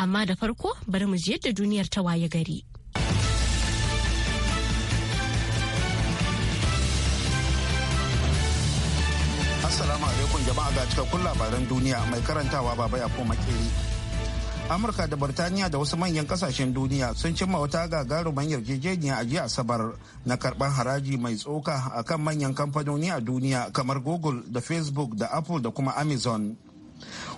amma da farko bari mu ji da duniyar ta waye gari. Assalamu alaikum jama'a ga cikakkun labaran duniya mai karantawa baba ya koma makeri. Amurka da Birtaniya da wasu manyan kasashen duniya sun cimma wata gagaruman yarjejeniya a jiya Asabar na karban haraji mai tsoka akan manyan kamfanoni a duniya kamar Google da Facebook da Apple da kuma Amazon.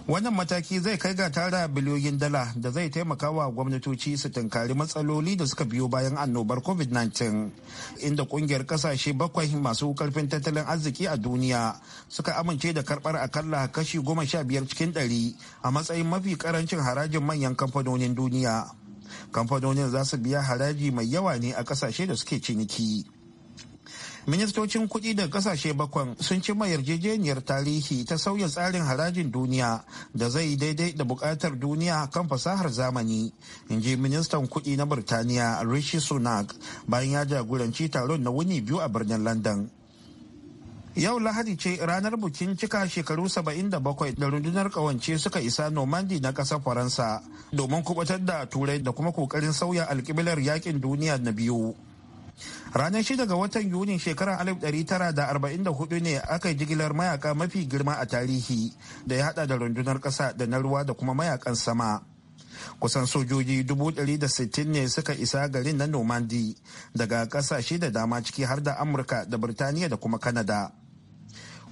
wannan mataki zai kai ga tara biliyoyin dala da zai taimaka wa gwamnatoci su tunkari matsaloli da suka biyo bayan annobar covid-19 inda kungiyar kasashe bakwai masu karfin tattalin arziki a duniya suka amince da karbar akalla kashi goma sha biyar cikin ɗari a matsayin mafi karancin harajin manyan kamfanonin duniya kamfanonin za su biya haraji mai yawa ne a kasashe da suke ciniki ministocin kuɗi da ƙasashe bakwan sun ci yarjejeniyar tarihi ta sauya tsarin harajin duniya da zai yi daidai da buƙatar duniya kan fasahar zamani in ji ministan kuɗi na birtaniya rishi sunak bayan ya jagoranci taron na wuni biyu a birnin london yau lahadi ce ranar bukin cika shekaru 77 da rundunar kawance suka isa nomandi na ƙasar faransa domin kubatar da turai da kuma kokarin sauya alkiblar yakin duniya na biyu Ranar shida ga watan Yunin shekarar 1944 ne aka yi jigilar mayaka mafi girma a tarihi da ya hada da rundunar ƙasa da na ruwa da kuma mayakan sama. Kusan sojoji 160 ne suka isa garin na nomandi daga kasashe da dama ciki har da Amurka da Birtaniya da kuma Kanada.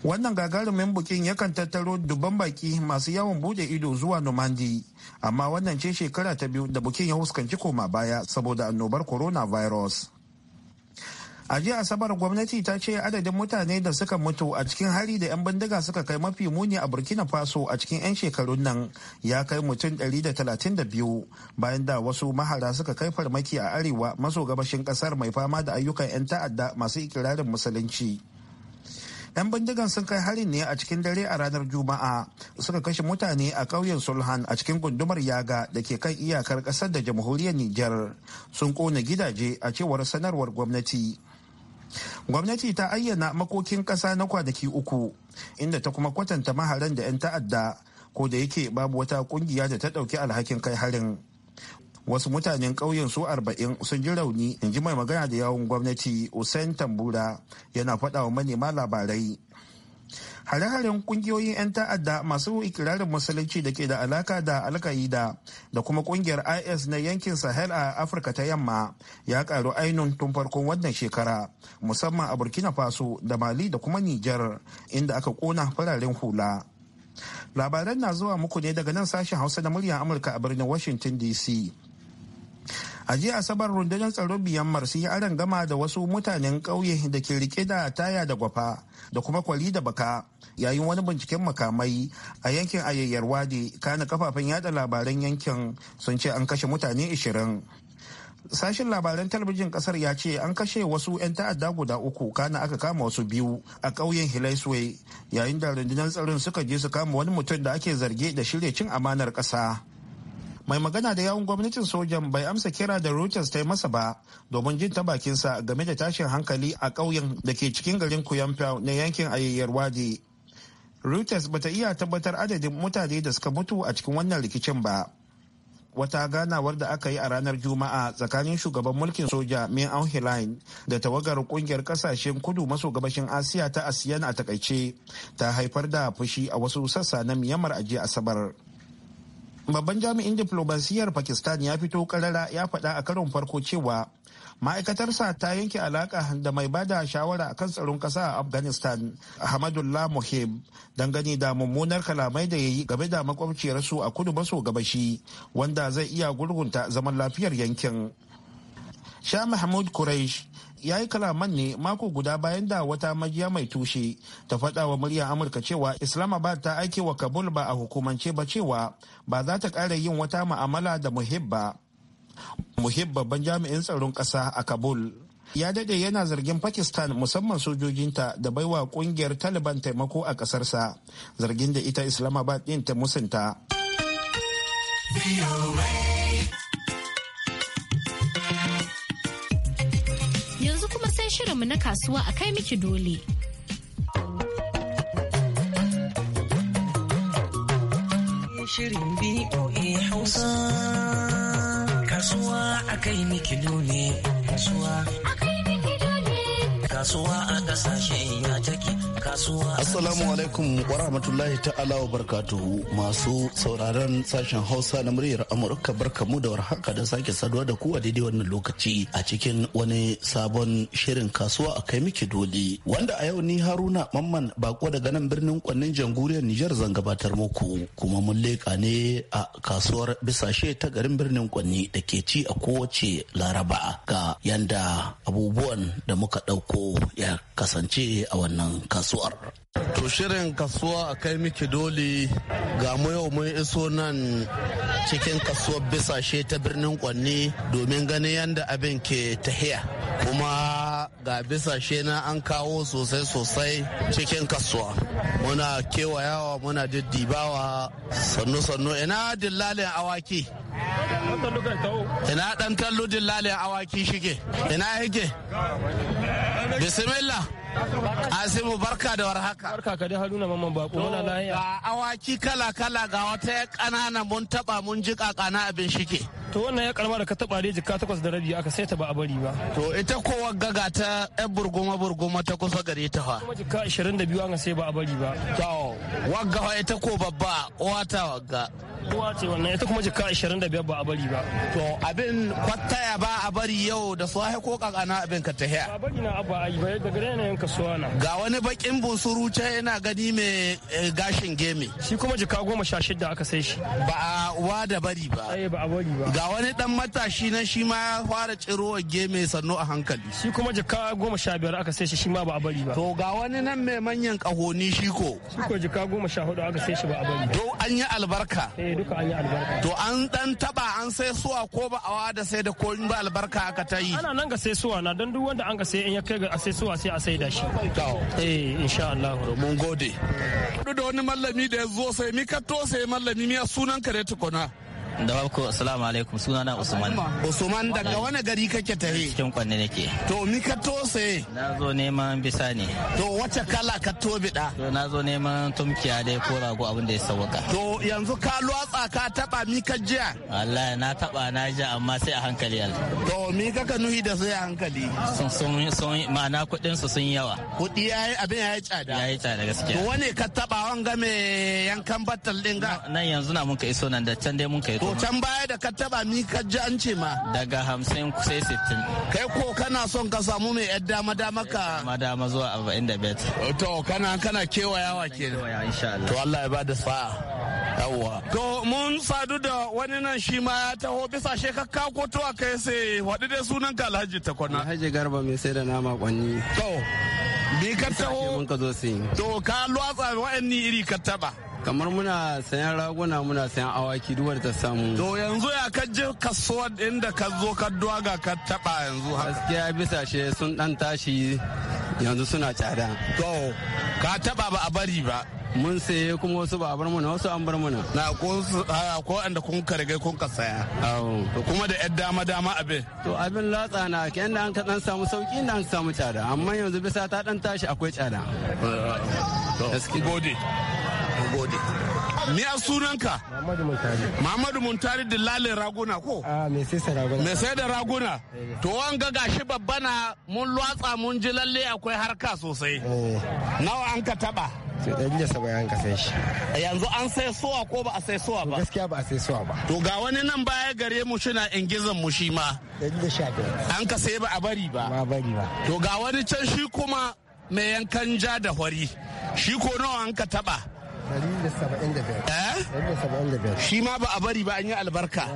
wannan gagarumin bukin yakan tattaro dubban baki masu yawon bude ido zuwa nomandi amma wannan ce shekara ta biyu da bukin ya huskanci koma baya saboda annobar coronavirus a jiya asabar gwamnati ta ce adadin mutane da suka mutu a cikin hari da 'yan bindiga suka kai mafi muni a burkina faso a cikin 'yan shekarun nan ya kai mutum 132 bayan da wasu mahara suka kai farmaki a arewa maso gabashin kasar mai fama da ayyukan 'yan ta'adda masu ikirarin musulunci 'yan bindigan sun kai harin ne a cikin dare a ranar juma'a suka kashe mutane a ƙauyen sulhan a cikin gundumar yaga da ke kan iyakar ƙasar da jamhuriyar Nijar sun kona gidaje a cewar sanarwar gwamnati gwamnati ta ayyana makokin ƙasa na kwanaki uku inda ta kuma kwatanta maharan da 'yan ta'adda ko da yake babu wata kungiya da ta ɗauki alhakin kai harin wasu mutanen ƙauyen su arba'in sun ji rauni in ji mai magana da yawon gwamnati usain tambura yana faɗa wa manema labarai hare-haren kungiyoyin 'yan ta'adda masu ikirarin musulunci da ke da alaka da alka'ida da kuma kungiyar is na yankin sahel a afirka ta yamma ya karu ainun tun farkon wannan shekara musamman a burkina faso da mali da kuma niger inda aka kona fararen hula labaran na zuwa muku ne daga nan sashen hausa da muryar amurka a birnin washington dc a jiya asabar rundunar tsaro biyammar sun yi aron gama da wasu mutanen ƙauye da ke rike da taya da gwafa da kuma kwali da baka yayin wani binciken makamai a yankin ayayyar wadi kana kafafen yada labaran yankin sun ce an kashe mutane 20 sashen labaran talabijin kasar ya ce an kashe wasu 'yan ta'adda guda uku kana aka kama wasu biyu a ƙauyen hilaisway yayin da rundunar tsarin suka je su kama wani mutum da ake zarge da shirya cin amanar ƙasa mai magana da yawun gwamnatin sojan bai amsa kira da Reuters ta yi masa ba domin jin ta bakinsa game da tashin hankali a ƙauyen da ke cikin garin kuyamfa na yankin ayayyar Wadi Reuters bata iya tabbatar adadin mutane da suka mutu a cikin wannan rikicin ba. Wata ganawar da aka yi a ranar Juma'a tsakanin shugaban mulkin soja Min Aung da tawagar kungiyar kasashen kudu maso gabashin Asiya ta ASEAN a takaice ta haifar da fushi a wasu sassa na Myanmar a Asabar. Babban jami'in diplomasiyyar Pakistan ya fito karara ya faɗa a karon farko cewa ma'aikatarsa ta yanke alaka da mai bada shawara akan tsaron kasa a afghanistan ahmadullah muhib dangane da mummunar kalamai da ya yi game da makwabciyarsu a kudu maso gabashi wanda zai iya gurgunta zaman lafiyar yankin sha mahmud quraish ya yi kalaman ne mako guda bayan da wata majiya mai tushe ta faɗa wa muryar amurka cewa islamabad ta aike wa kabul ba a hukumance ba cewa ba za ta ƙara yin wata ma'amala da muhib ba muhib babban jami'in tsaron ƙasa a kabul ya dade yana zargin pakistan musamman sojojinta da baiwa kungiyar taliban taimako a ƙasarsa zargin da ita islamabad din ta musunta yanzu kuma sai shirinmu na kasuwa a kai miki dole shirin BOA Hausa. kasuwa akai miki nune kasuwa kasuwa assalamu alaikum wa rahmatullahi ta'ala wa barkatuhu masu sauraron sashen hausa na muryar amurka mu da warhaka da sake saduwa da ku a daidai wannan lokaci a cikin wani sabon shirin kasuwa a kai miki dole wanda a yau ni haruna mamman bako daga nan birnin kwannin jamhuriyar nijar zan gabatar muku kuma mun leka ne a kasuwar bisashe ta garin birnin kwanni da ke ci a kowace laraba ga yanda abubuwan da muka ɗauko ya kasance a wannan kasuwar. To shirin kasuwa a kai miki dole ga mu yau mun iso nan cikin kasuwar bisashe ta birnin kwanni domin ganin yadda abin ke tahiya kuma ga bisa na an kawo sosai-sosai cikin kasuwa muna kewayawa muna diddibawa sannu-sannu ina dillalin awaki ina dan tallu dillalin awaki shige ina hige bismillah Asimu barka da warhaka. Barka ka dai Haruna Mamman Bako muna lahiya. Ga awaki kala kala ga wata ya kanana mun taba mun ji kakana abin shike. To wannan ya karma da ka taba dai jikka takwas da rabi aka sai ta ba a bari ba. To ita wagga gaga ta ɗan burguma burguma ta kusa gare ta fa. Kuma jikka 22 an sai ba a bari ba. To wagga ita ko babba wata wagga. kowa ce wannan ita kuma jika 25 ba a bari ba to abin kwataya ba a bari yau da su safe ko kakana abin ka tahiya ba bari na abba ayi bai daga yanayin kasuwa na ga wani bakin busuru ce yana gani mai eh, gashin geme shi kuma jika goma sha shida aka sai shi ba a wa da bari ba eh ba a bari ba ga wani dan matashi na shi ma ya fara tsirowa geme sannu a hankali shi kuma jika goma sha biyar aka sai shi shi ma ba a bari ba to ga wani nan mai manyan kahoni shi ko shi ko jika goma sha hudu aka sai shi ba a bari ba to an yi albarka eh, duka an yi albarka. To an dan taba an sai suwa ko ba awa da sai da in ba albarka aka ta yi. Ana nan ga sai suwa na don duk wanda an ga sai in ya kai ga a sai suwa sai a sai da shi. Eh insha Allah. Mun gode. Da wani mallami da ya zo sai mi ka to sai mallami mi sunan ka da tukuna. da babko assalamu alaikum sunana usman usman daga wani gari kake tare cikin kwanne nake to mi ka tose na zo neman bisa ne to wace kala ka tobi da to na zo neman tumkiya dai ko rago abin da ya sauka to yanzu ka lwatsa ka taba mi ka jiya wallahi na taba na ji amma sai a hankali al to mi ka ka nuhi da sai a hankali sun sun sun ma'ana kudin su sun yawa kudi yayi abin yayi tsada yayi tsada gaskiya to wane ka taba wanga me yankan battal din ga nan yanzu na mun ka iso nan da can dai mun ka yi can baya da ka taba mi ka ji an ce ma daga hamsin sai sittin kai ko kana son ka samu mai yar dama dama ka dama zuwa arba'in da bet to kana kana kewayawa ke to Allah ya ba da sa'a yawwa to mun sadu da wani nan shi ma ya taho bisa shekakka ko to a kai sai waɗi dai sunan ka alhaji takwana alhaji garba mai sai da nama kwanni to bi ka taho to ka lwatsa wa'anni iri ka taba kamar muna sayan raguna muna sayan awaki duwar ta samu to yanzu ya ka je kasuwa inda ka zo ka dwaga ka taba yanzu haka gaskiya bisa she sun dan tashi yanzu suna tsada to ka taba ba a bari ba mun saye kuma wasu ba a bar mana wasu an bar mana na ko ko anda kun karge kun ka saya to kuma da yadda dama dama abin to abin latsa na ke inda an ka dan samu sauki inda an samu tsada amma yanzu bisa ta dan tashi akwai tsada gode gode me a sunanka Muhammadu Muntari Muhammadu Muntari lalin raguna ko Ah, me sai sa raguna me sai da raguna to an ga gashi babba na mun lwatsa mun ji lalle akwai harka sosai eh. nawa an ka taba sai ɗan jiya an ka sai shi yanzu an sai suwa ko ba a sai suwa ba gaskiya ba a sai suwa ba to ga wani nan baya gare mu shi na ingizan mu shi ma an ka sai ba a bari ba ba bari ba to ga wani can shi kuma mai yankan ja da hori shi ko nawa an ka taba Eh? Shi ma ba a bari ba an yi albarka.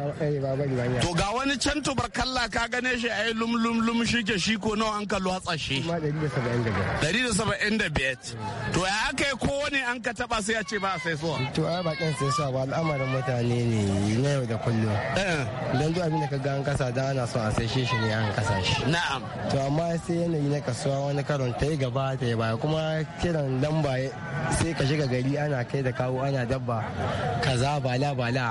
To ga wani can tubarkalla ka gane shi a yi lum lum shi ke shi ko nawa an kallo hatsa shi. biyar. To ya aka yi kowane an ka taba sai a ce ba a sai suwa. To ai bakin sai suwa ba al'amarin mutane ne na yau da kullum. Eh. Don duk abin ka ga an kasa da ana so a sai shi shi ne an kasa shi. Na'am. To amma sai yanayi na kasuwa wani karon ta yi gaba ta yi baya kuma kiran lamba sai ka shiga gari ana kai da kawo ana dabba kaza bala bala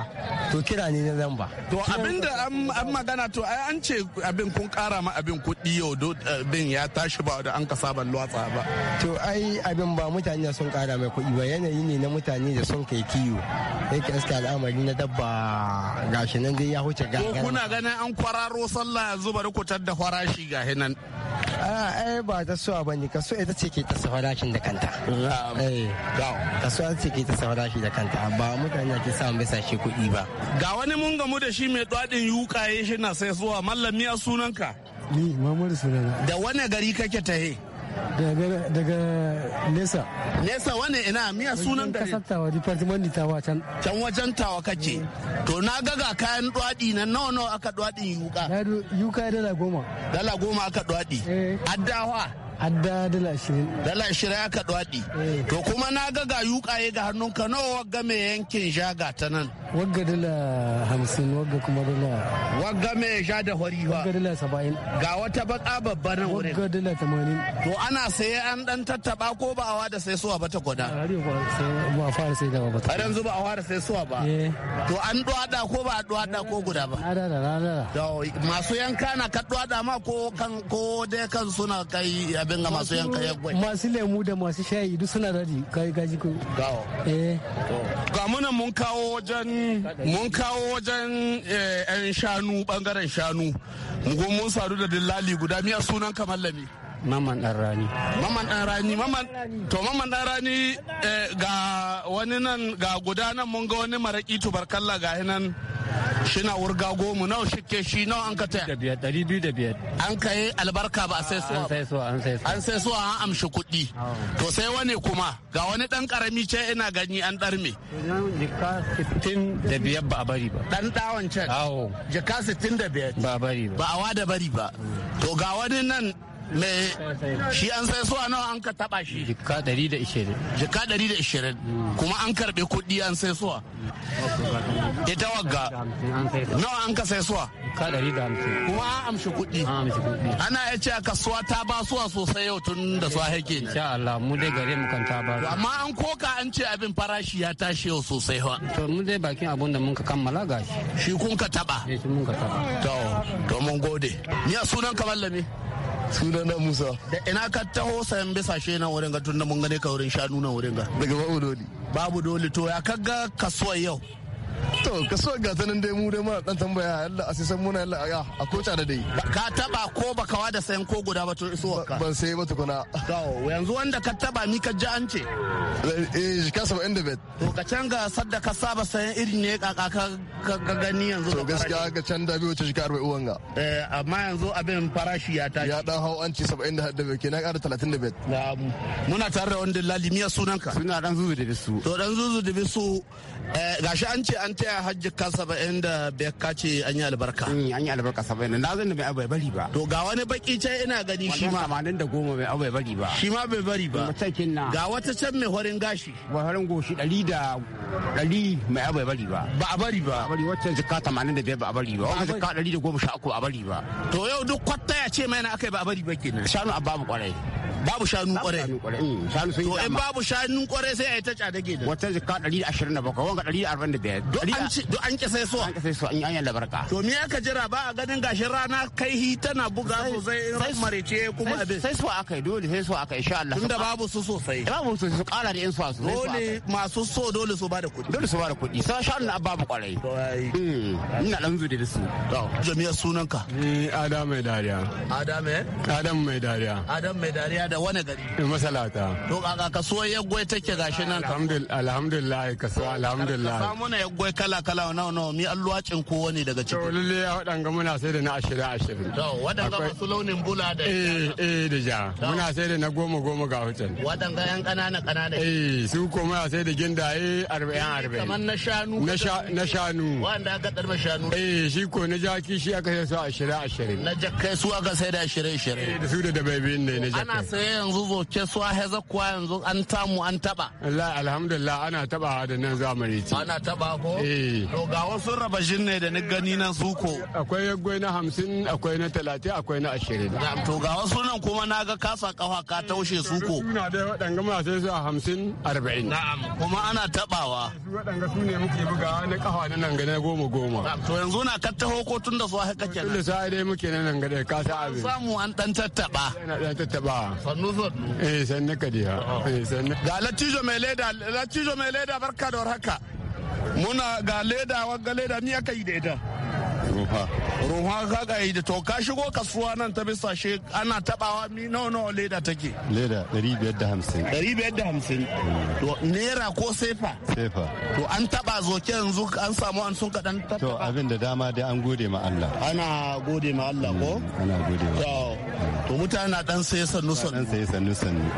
to kira ne na zamba to abinda an magana to ai an ce abin kun kara ma abin kuɗi yau do bin ya tashi ba da an ka saban lwatsa ba to ai abin ba mutane sun kara mai kuɗi ba yanayi ne na mutane da sun kai kiyo yake iska al'amari na dabba gashi nan dai ya huce ga ko kuna ganin an kwararo sallah yanzu bari ku da farashi ga hinan ai ba ta suwa bane so ita ce ke ta farashin da kanta eh. kasuwa ce ke ta saura shi da kanta ba mutane ke samun bisa shi kuɗi ba ga wani mun gamu da shi mai yuka yukaye shi na sai zuwa mallami a sunanka ni mamadu sunana da wani gari kake ta tahe daga nesa nesa wani ina mi a sunan gari kasar tawa department tawa can can wajen tawa kake eh. to na gaga kayan dwadi na nawa nawa aka dwadin yuka yuka dala goma dala goma aka dwadi eh. addawa Hadda dala ashirin. Dala ashirin aka dwaɗi. Eh. To kuma na ga ga yuƙaye ga ka nawa wagga mai yankin ja ta nan. Wagga dala hamsin wagga kuma dala. Wagga mai ja da hori ba. Wagga dala saba'in. Ga wata baka babba wurin. Wagga dala tamanin. To ana saye an dan tattaba ko ba awa da sai suwa ba ta gwada. Ba fara sai da ba. Har yanzu ba a fara sai suwa ba. Eh. To an dwaɗa ko ba a dwaɗa ko guda ba. Na da na da. Masu yanka na ka dwaɗa ma ko kan ko dai kan suna kai abin ga masu yanka ya gwai. masu lemu da masu shayi duk suna radi kai gaji ko gawo eh ga mun mun kawo wajen mun kawo wajen yan eh, shanu bangaren shanu mun mun sadu da dillali guda miya sunan kamallami Maman dan rani. Maman dan rani, maman to maman dan rani eh, ga wani nan ga guda nan mun ga wani maraƙi tubarkalla ga nan shina wurga goma nawa shike shi nawa an ka taya biyar an ka yi albarka ba a sai suwa an sai suwa an amshi kuɗi to sai wani kuma ga wani dan karami ce ina gani an darme jika sittin da biyar ba a bari ba dan ɗawon can jika 65 da biyar ba a bari ba ba a wada bari ba to ga wani nan me shi an sai suwa nawa an ka taba shi jika 120 jika 120 kuma an karbe kuɗi an sai suwa ita wagga nawa an ka sai su jika 150 kuma an amshi kuɗi ana ya ce kasuwa ta ba suwa sosai yau tun da su haike ne insha Allah mu dai gare mu kan ta ba su. amma an koka an ce abin farashi ya tashi yau sosai ha to mu dai bakin abun da mun ka kammala gashi shi kun ka taba eh, shi mun ka taba to to mun gode ni a sunan ka lami na musa da ina ka taho sayan bisashe na wurin ga tun mun gane ka wurin shanu na wurin ga daga babu doli babu doli to ya kaga kasuwar yau to ka ga ta nan dai mu dai mana dan tambaya Allah a san muna Allah ya a ko da dai ka taba ko baka wada sayan ko guda ba to iso ka ban sai ba tukuna to yanzu wanda ka taba ni ka ji an ce eh ka saba inda bet to ka canga sadda ka saba sayan irin ne ka ka gani yanzu to gaskiya ka can da bai wuce shi ka uwan ga. eh amma yanzu abin farashi ya tashi ya dan hau an ci 70 da bai kenan ƙara 30 da bet muna tare da wanda lalimiya sunanka suna dan zuzu da bisu to dan zuzu da bisu eh, gashi an ce an an taya hajji ka saba'in da bai kace an yi albarka. Mm, an yi albarka saba'in na zan da bai abai bari ba. to ga wani baki can ina gani shi ma. Wani da goma bai abai bari ba. shi ma bai bari ba. matakin na. ga wata can mai horin gashi. Ba horin goshi ɗari da ɗari mai abai bari ba. ba a bari ba. bari wacce jika tamanin da biyar ba a bari ba. wata jika ɗari da goma sha uku a bari ba. to yau duk kwata ya ce mai na aka yi ba a bari ba kenan. shanu a babu kwarai. babu shanu kwarai mm, Shanu sun yi. to in babu shanu kwarai sai a yi ta cada gida wata da bakwai wanga ɗari da da arba'in biyar. an ci duk an kisa suwa an kisa suwa an yi anyar labarka to me aka jira ba a ganin gashin rana kai hi tana buga sosai in marice kuma abin sai suwa aka yi dole sai suwa aka yi sha Allah tunda babu su sosai eh, babu su su kara da yan suwa su dole masu so dole su bada kuɗi dole su bada kuɗi sai insha Allah babu kwarai hmm, ina dan zude da su jami'ar sunanka ni Adam mai dariya Adam eh Adam mai dariya Adam mai dariya da wani gari masalata to kaka kasuwar yaggwai take gashi nan alhamdulillah kasuwa alhamdulillah ka samu na yaggwai kala-kala na nawa mi an kowa kowane daga ciki. Tawali ne ya ga muna sai da na ashirin ashirin. To waɗanga masu launin bula da eh eh da ja. Muna sai da na goma goma ga hutan. Waɗanga yan ƙanana ƙanana. Eh su ko muna sai da gindaye arba'in eh, arba'in. Kamar na shanu. Na shanu. Wanda aka ɗarba shanu. Eh shi ko na jaki shi aka sai su ashirin ashirin. Na jakkai su aka sai da ashirin ashirin. Eh, da su da dabaibin ne na jakkai. Ana sai yanzu zoce su heza kuwa yanzu an tamu an taɓa. Allah alhamdulillah ana taɓa da nan zamani Ana taɓa ko? Eh. To ga wasu rabashin ne da ni gani nan suko. Akwai yaggwai na hamsin, akwai na talatin, akwai na ashirin. To ga wasu nan kuma na ga kasa kafa ka taushe suko. Suna da waɗanga masu sai su a hamsin arba'in. Na'am kuma ana taɓawa. Su waɗanga su ne muke buga na kafa na nan gane goma goma. To yanzu na kattaho ko tun da su haka kenan. Tun da sa dai muke na nan gane ka sa abin. Samu an ɗan tattaɓa. Yana ɗan tattaɓa. Sannu sannu. Eh sannu ka diya. Oh. Eh, ga latijo mai leda, latijo mai leda barka da warhaka. muna ga leda wagga leda ni aka yi da ita ruha ruha ga yi da to ka shigo kasuwa nan ta bisa she ana tabawa mi nawa nawa leda take leda 550 550 hmm. to naira ko sefa sefa to an taba zoke yanzu an samu an sun kadan to abin da dama dai an gode ma Allah ana gode ma Allah ko hmm, ana gode ma to mutane na dan saye sannu sannu dan saye sannu sannu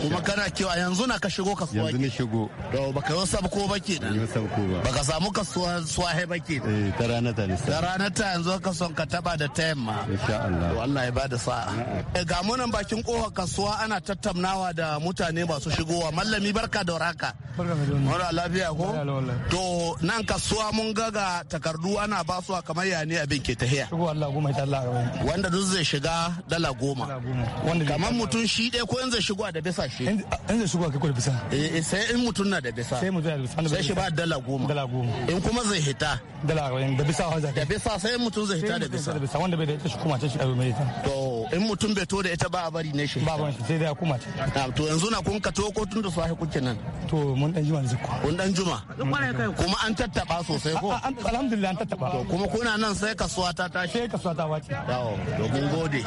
kuma kana kewa yanzu na ka shigo ka suwa yanzu ni shigo to baka yi sabko ba ke nan ko ba baka samu ka suwa swahe ba ke eh ta rana ta ne ta rana ta yanzu ka son ka taba da ta ma insha Allah to Allah ya bada sa'a eh, ga munan bakin kofar kasuwa ana tattaunawa da mutane masu shigowa mallami barka da waraka barka lafiya ko to nan kasuwa mun ga ga takardu ana basuwa kamar yani abin ke tahiya wanda duk zai shiga dala goma kamar mutum shi ɗaya ko yanzu zai shigo da bisa shi Yanzu zai shigo kai ko da bisa eh, eh sai in mutum na da bisa sai mutum na da bisa sai shi ba dala goma dala goma in kuma zai hita dala 40 da bisa da bisa sai mutum zai hita da bisa wanda bai da ita shi kuma ta shi a mai ita to in mutum bai to da ita ba a bari ne shi ba ban sai da kuma ta to yanzu na kun ka to ko tun da safe kuke nan to mun dan juma yanzu mun dan juma kuma an tattaba sosai ko alhamdulillah an tattaba to kuma kuna nan sai kasuwa ta ta sai kasuwa ta wace yawo to mun gode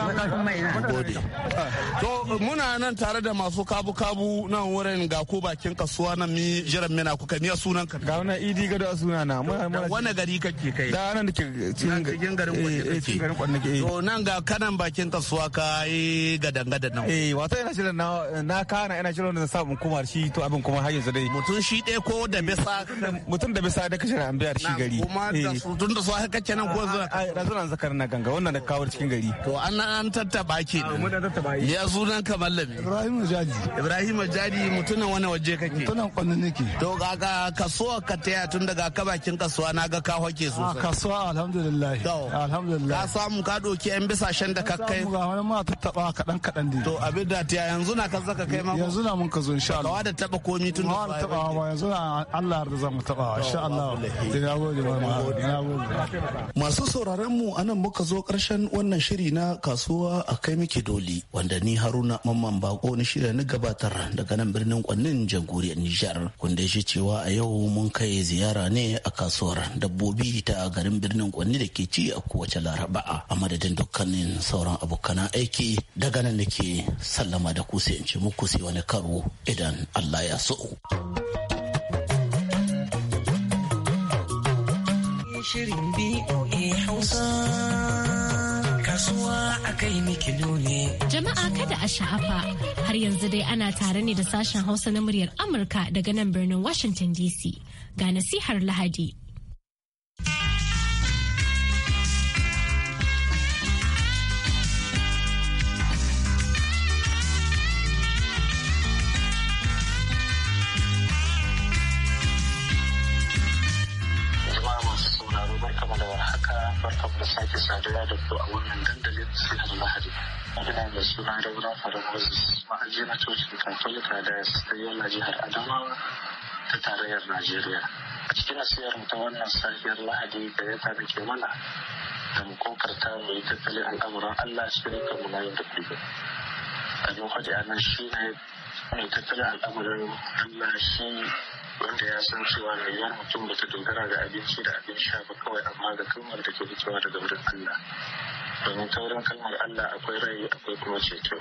mun gode to muna nan tare da masu kabu kabu nan wurin ga ko bakin kasuwa nan mi jiran mina kuka miya sunan ka ga wannan idi gado suna na wannan gari kake kai da nan da ke eh, eh, cikin garin kwanne ke to nan ga kanan bakin kasuwa kasuwa ka yi ga dangadan nan. Eh wato yana shirin na na kana yana shirin da sa kuma koma shi to abin kuma har su dai. Mutum shi dai ko da bisa. Mutum da bisa da kashin an shi gari. Kuma da eh. tun da su haka kace nan ko zuwa. Da zuwa zakar na ganga wannan da kawo cikin gari. To an an tattaba ki. Ah, mun da tattaba yi. Ya sunan ka mallami. Ibrahim Jadi. Ibrahim Jadi mutunan wani waje kake. Mutunan kwanne nake. To ga kasuwa ka taya tun daga ka bakin kasuwa na ga ka hoke ah, sosai. Kasuwa alhamdulillah. Alhamdulillah. Ka samu ka doki 'yan bisashen da kakkai. tattaɓa wani ma taba kaɗan kaɗan ne. To abin da ta yanzu na kan saka kai ma. Yanzu na mun ka zo insha Allah. Kawa da taɓa komi tun da ba. Kawa ba yanzu na Allah da zamu taɓa insha Allah. Na gode ba na gode. Masu sauraron mu anan muka zo ƙarshen wannan shiri na kasuwa a kai miki doli wanda ni Haruna Mamman Bako ni shirya ni gabatar daga nan birnin Kwannin jamhuriyar Nijar. Wanda da shi cewa a yau mun kai ziyara ne a kasuwar dabbobi ta garin birnin Kwanni da ke ci a kowace Laraba a madadin dukkanin sauran abokan na aiki daga nan nake sallama da ku sai in ce muku sai wani karo idan Allah ya so. ne. Jama'a kada a sha'afa har yanzu dai ana tare ne da sashen Hausa na muryar Amurka daga nan birnin Washington DC ga nasihar Lahadi. sake saduwa da ku a wannan dandalin sihar lahadi ina mai suna dauran fara moses ma'aji na cocin katolika da yastayola jihar adamawa ta tarayyar najeriya a cikin asiyar ta wannan safiyar lahadi da ya tabi ke mana da mu kokarta mu yi tattalin al'amuran allah cikin kamar yau da kullum abin hajji a nan shi ne mai tattalin al'amuran Allah shi wanda ya san cewa rayuwar mutum ba ta dogara ga abinci da abin sha ba kawai amma ga kalmar da ke fitowa daga wurin Allah domin ta wurin kalmar Allah akwai rai akwai kuma ceto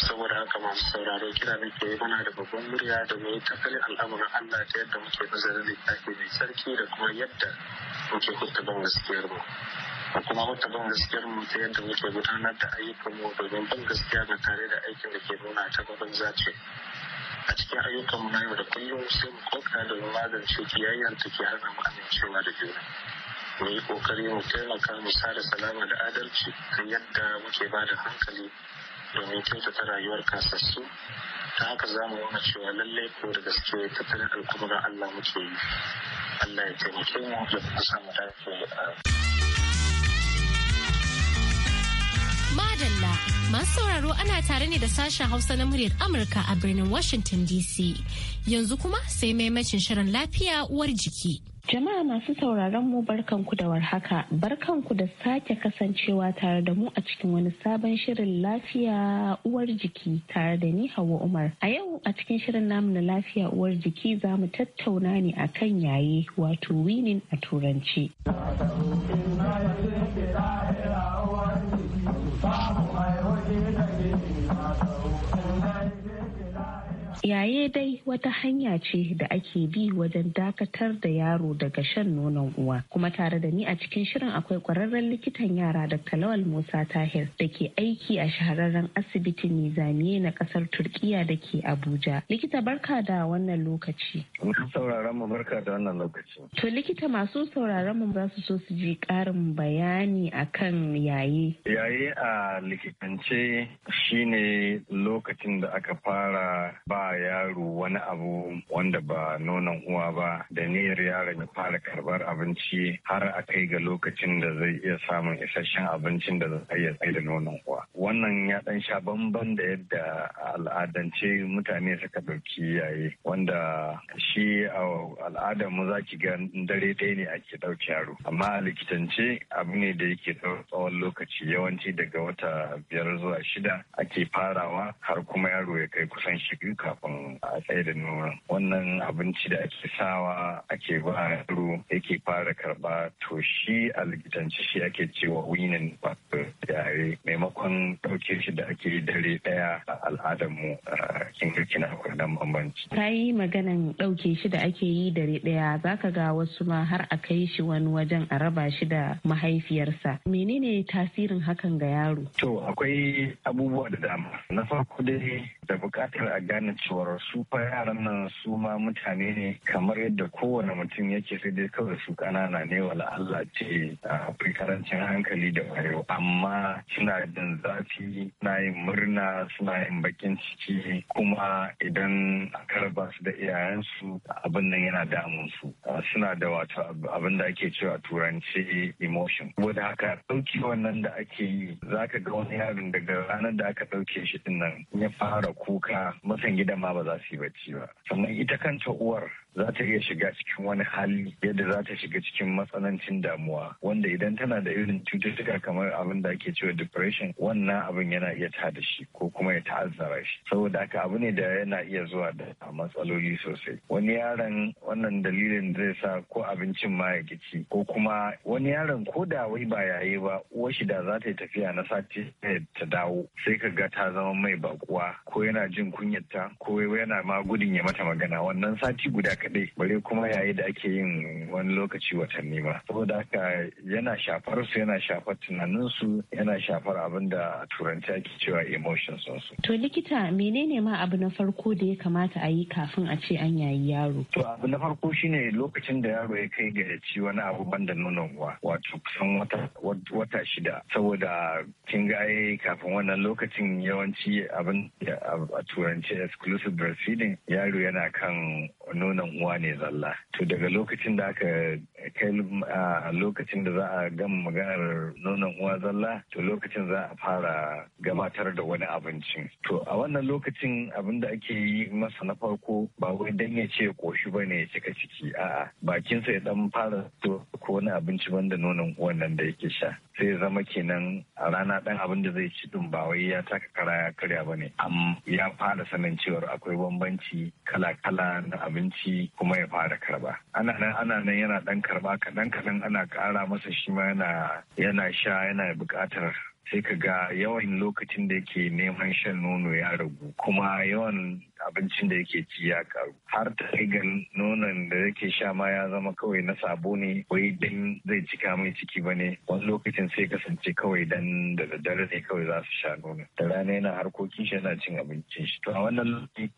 saboda haka masu sauraro kira da ke muna da babban murya da mai takalin al'amuran Allah ta yadda muke nazarin littafi mai sarki da kuma yadda muke ban gaskiyar mu da kuma ban gaskiyar mu ta yadda muke gudanar da ayyukan mu domin ban gaskiya ga tare da aikin da ke nuna ta babban zace a cikin ayyukan mu na yau da kullum sai mu koka mu magance kiyayyar ta ke hana mu amincewa da juna mu yi kokari mu taimaka mu sada salama da adalci kan yadda muke ba da hankali domin kyautata rayuwar kasassu ta haka za mu nuna cewa lallai ko da gaske ta tare tattalin ga Allah muke yi Allah ya taimake mu da kuma samu dace Madalla masu sauraro ana tare ne da sashen Hausa na muryar Amurka a birnin Washington DC yanzu kuma sai maimacin shirin lafiya uwar jiki. Jama'a masu sauraron mu barkanku da warhaka, barkanku da sake kasancewa tare da mu a cikin wani sabon shirin lafiya uwar jiki tare da ni Hauwa Umar. A yau a cikin shirin namu na lafiya uwar jiki za mu tattauna ne akan yaye wato winin a turanci. Yaye dai wata hanya ce da ake bi wajen dakatar da yaro daga shan nonon uwa. Kuma tare da ni a cikin shirin akwai kwararren likitan yara da Lawal Musa Tahir da ke aiki a shahararren asibitin Nizamiye na kasar Turkiya da ke Abuja. Likita barka da wannan lokaci. mu barka da wannan lokaci. To likita masu sauraron mu za su so su ji karin bayani akan yaye. Yaye a likitance shine lokacin da aka fara ba yaro wani abu wanda ba nonon uwa ba da niyyar yaron ya fara karbar abinci har a kai ga lokacin da zai iya samun isasshen abincin da zai iya tsaye da nonon uwa wannan ya dan sha bamban da yadda al'adance mutane suka ɗauki yaye wanda shi a al'adar mu za ki ga dare ɗaya ne ake ɗauki yaro amma a likitance abu ne da yake tsawon lokaci yawanci daga wata biyar zuwa shida ake farawa har kuma yaro ya kai kusan shekaru kafin kafin a tsaye da noma wannan abinci da ake sawa ake ba yaro yake fara karɓa to shi a likitanci shi ake cewa winin wato yare maimakon ɗauke shi da ake dare ɗaya a al'adarmu kin ga na kwanan bambanci. ta yi maganan ɗauke shi da ake yi dare ɗaya ka ga wasu ma har a kai shi wani wajen a raba shi da mahaifiyarsa menene tasirin hakan ga yaro. to akwai abubuwa da dama na farko dai da buƙatar a gane cewa cewar su fa yaran nan su ma mutane ne kamar yadda kowane mutum yake sai dai kawai su kanana ne wala Allah ce a karancin hankali da wayo amma suna jin zafi na yin murna suna yin bakin ciki kuma idan aka raba su da iyayensu abin nan yana damun su suna da wato abin da ake cewa turanci emotion wanda haka ɗauki wannan da ake yi zaka ga wani yaron daga ranar da aka ɗauke shi din nan ya fara kuka mutan gida ma ba za su yi bacci ba sannan ita kanta uwar za ta iya shiga cikin wani hali yadda za ta shiga cikin matsanancin damuwa wanda idan tana da irin cututtuka kamar abin da ake cewa depression wannan abin yana iya ta da shi ko kuma ya ta'azzara shi saboda haka abu ne da yana iya zuwa da matsaloli sosai wani yaron wannan dalilin zai sa ko abincin ma ya gici ko kuma wani yaron ko da wai ba yi ba uwar shi da za ta yi tafiya na sati ta dawo sai ka ga ta zama mai bakuwa ko yana jin kunyarta ko yana ma gudun ya mata magana wannan sati guda kaɗai bare kuma yayi da ake yin wani lokaci watanni ba saboda haka yana shafar su yana shafar tunanin su yana shafar abin da turanci ake cewa emotions su to likita menene ma abu na farko da ya kamata a yi kafin a ce an yayi yaro to abu na farko shine lokacin da yaro ya kai ga ci wani abu banda nonon wa wato kusan wata wata shida saboda kin ga kafin wannan lokacin yawanci abin a turanci exclusive breastfeeding yaro yana kan nonon uwa ne zalla to daga lokacin da aka kai lokacin da za a gama maganar nonon uwa zalla to lokacin za a fara gabatar da wani abincin to a wannan lokacin abin da ake yi masa na farko ba wai dan ya ce koshi ba ne ya cika ciki a'a bakinsa ya dan fara ko wani abinci banda nonon uwan nan da yake sha sai zama kenan a rana ɗan abin da zai ci ɗin ba wai ya taka kara ya karya ba ne amma ya fara sanin cewar akwai bambanci kala-kala na abinci kuma ya fara karba ana nan ana nan yana ɗan karba kaɗan kaɗan ana ƙara masa shi ma yana yana sha yana buƙatar sai ka ga yawan lokacin da yake neman shan nono ya ragu kuma yawan abincin da yake ci ya karu har ta ga nonon da yake sha ma ya zama kawai na sabo ne wai dan zai cika mai ciki ba ne wani lokacin sai kasance kawai dan da daddare ne kawai za su sha nono da rana yana harkokin shi yana cin abincin shi to a wannan lokaci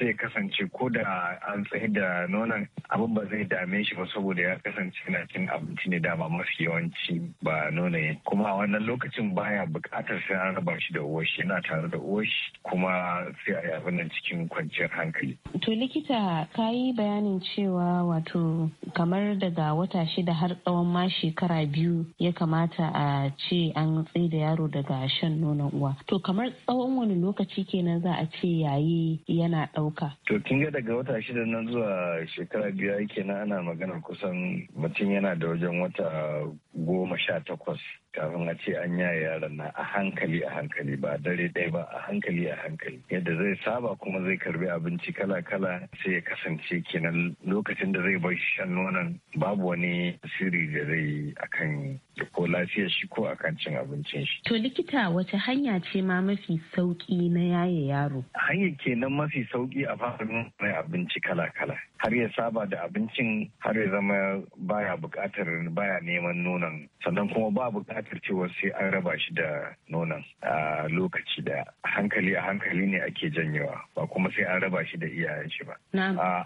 sai kasance ko da an tsaye da nonon abin ba zai dame shi ba saboda ya kasance yana cin abinci ne dama mafi yawanci ba nono ya kuma a wannan lokacin baya bukatar sai an raba shi da uwar shi yana tare da uwar shi kuma sai a yi abin cikin kwanciyar hankali. To likita ka yi bayanin cewa wato kamar daga wata shida har tsawon ma shekara biyu ya kamata a ce an da yaro daga shan nonon uwa. To kamar tsawon wani lokaci kenan za a ce yayi yana ɗauka. To kin ga daga wata shida nan zuwa shekara biyu kenan ana maganar kusan mutum yana da wajen wata goma sha takwas kafin a ce an yaye yaron na a hankali a hankali ba dare ɗaya ba a hankali a hankali yadda zai saba kuma zai karbi abinci kala kala sai ya kasance kenan lokacin da zai bar shan nonon babu wani sirri da zai akan ko lafiyar shi ko akan cin abincin shi. To likita wace hanya ce ma mafi sauki na yaye yaro? Hanyar kenan mafi sauki a fara mai abinci kala kala har ya saba da abincin har ya zama baya bukatar baya neman nonon sannan kuma ba bukatar cewa sai an raba shi da nonon a lokaci da hankali a hankali ne ake janyewa ba kuma sai an raba shi da iyayen shi ba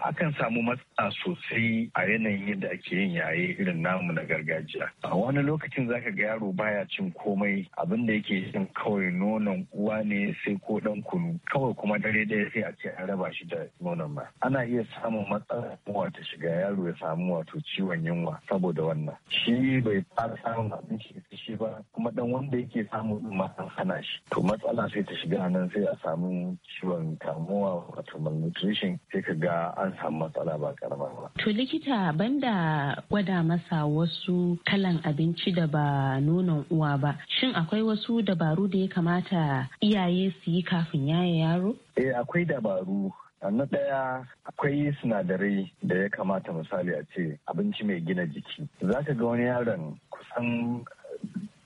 akan samu matsa sosai a yanayin yadda ake yin yaye irin namu na gargajiya a wani lokacin zaka ga yaro baya cin komai abin da yake cin kawai nonon uwa ne sai ko dan kunu kawai kuma dare daya sai a ce an raba shi da nonon ba ana iya samun matsalar kuma, ta shiga yaro ya samu wato ciwon yunwa saboda wannan shi bai fara samun abinci da shi ba kuma dan wanda yake samu din ma an hana shi to matsala sai ta shiga nan sai a samu ciwon kamuwa wato malnutrition sai ka ga an samu matsala ba karama ba to likita banda gwada masa wasu kalan abinci da ba nonon uwa ba shin akwai wasu dabaru da ya kamata iyaye su yi kafin yaye yaro eh akwai dabaru na ɗaya akwai sinadarai da ya kamata misali a ce abinci mai gina jiki za ka ga wani yaron kusan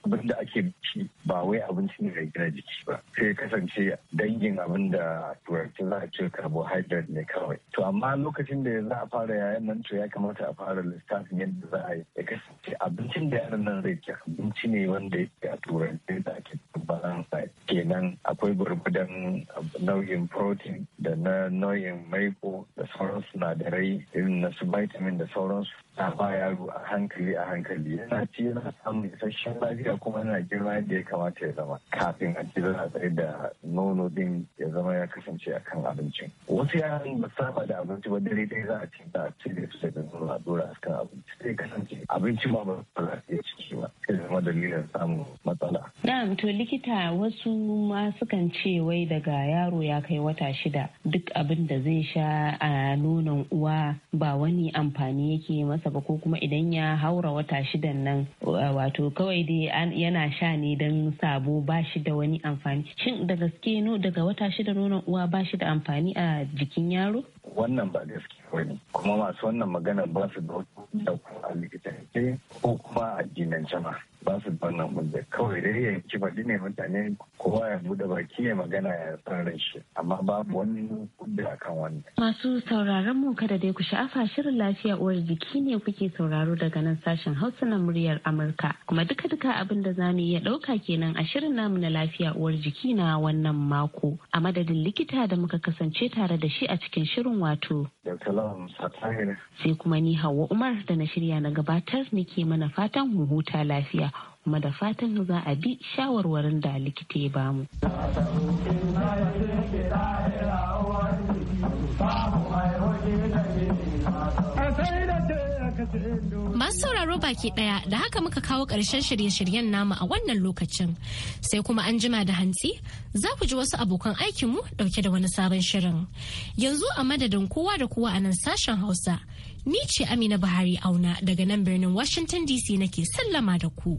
abin da ake ci ba wai abinci ne mai gina jiki ba sai kasance dangin abin da turanci za a ce carbohydrate ne kawai to amma lokacin da za a fara yayan nan to ya kamata a fara lissafin yadda za a yi ya kasance abincin da yaran nan zai ci abinci ne wanda yake a turanci da ake Ke kenan akwai gurgudan nau'in protein da na nau'in maiko da sauran sinadarai irin na su vitamin da sauransu na ba yaro a hankali a hankali yana ci yana samun isasshen lafiya kuma yana girma yadda ya kamata ya zama kafin a ci zana tsaye da nono din ya zama ya kasance a kan abincin wasu yaran ba saba da abinci ba dare dai za a ci za a ci da su da a dora a kan abinci sai kasance abinci ma ba za a iya ciki ba sai zama dalilin samun matsala. na'am to likita wasu ma sukan ce wai daga yaro ya kai wata shida duk abin da zai sha a nonon uwa ba wani amfani yake masa kansa ba ko kuma idan ya haura wata shidan nan eh, wato kawai dai yana sha ne don sabo ba shi da wani amfani shin da gaske no daga wata shida nonon uwa ba shi da amfani a jikin yaro wannan ba gaske wani kuma masu wannan magana ba su da wata ko a likitance ko kuma a jinan jama'a ba su wannan ɓullar kawai dai ya ci faɗi ne mutane kowa ya buɗe baki ya magana ya tsarin shi amma babu wani a kan wani. Masu sauraron mu kada dai ku sha'afa shirin lafiya uwar jiki ne kuke sauraro daga nan sashen Hausa na muryar Amurka kuma duka duka abin da zamu iya ɗauka kenan a shirin namu na lafiya uwar jiki na wannan mako a madadin likita da muka kasance tare da shi a cikin shirin wato. Sai kuma ni Hauwa Umar da na shirya na gabatar nake mana fatan mu huta lafiya. kuma da fatan za a bi shawarwarin da likita ya bamu. Masu sauraro baki ɗaya da haka muka kawo ƙarshen shirye-shiryen namu a wannan lokacin. Sai kuma an jima da hantsi za ku ji wasu abokan aikinmu ɗauke da wani sabon shirin. Yanzu a madadin kowa da kowa a nan sashen Hausa. Ni ce Amina Buhari Auna daga nan birnin Washington DC nake sallama da ku.